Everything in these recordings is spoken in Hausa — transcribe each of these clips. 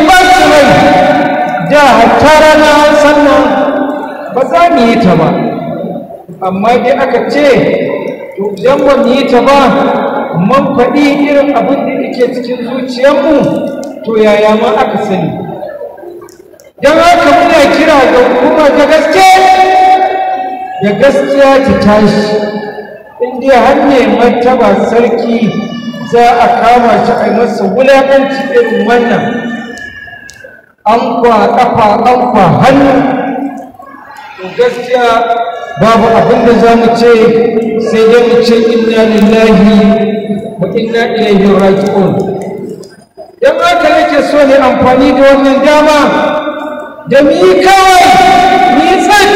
ya da hatta rana sannan ba za mu yi ta ba amma dai aka ce to idan ba mu yi ta ba mun faɗi irin abin da yake cikin zuciyarmu to yaya ma aka sani don haka muna kira ga hukuma ta gaske da gaskiya ta tashi inda har ne martaba sarki za a kama shi a masa wulaƙanci irin wannan ankwa kafa ankwa hannu to gaskiya babu abin da za mu ce sai dai mu ce inna lillahi wa inna ilaihi raji'un dan haka yake so ne amfani da wannan dama da mu yi kawai mu yi tsak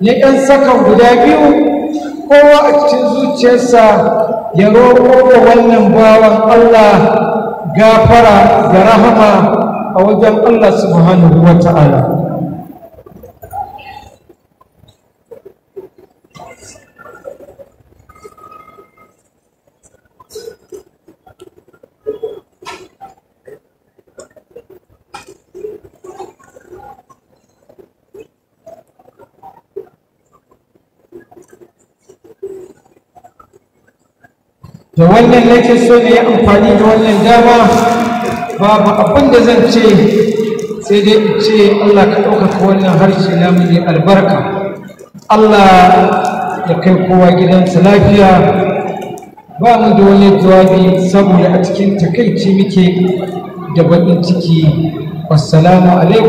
na ɗan sakan guda biyu kowa a cikin zuciyarsa ya roƙo wa wannan bawan Allah gafara da rahama a wajen Allah subhanahu wa ta'ala da wannan nake so ne amfani da wannan dama babu abin da zan ce sai dai in ce Allah ka ɗaukaka wannan harshe na mai albarka Allah ya kai kowa gidansa lafiya ba mu da wani jawabi saboda a cikin takaici muke da baɗin ciki wassalamu alaikum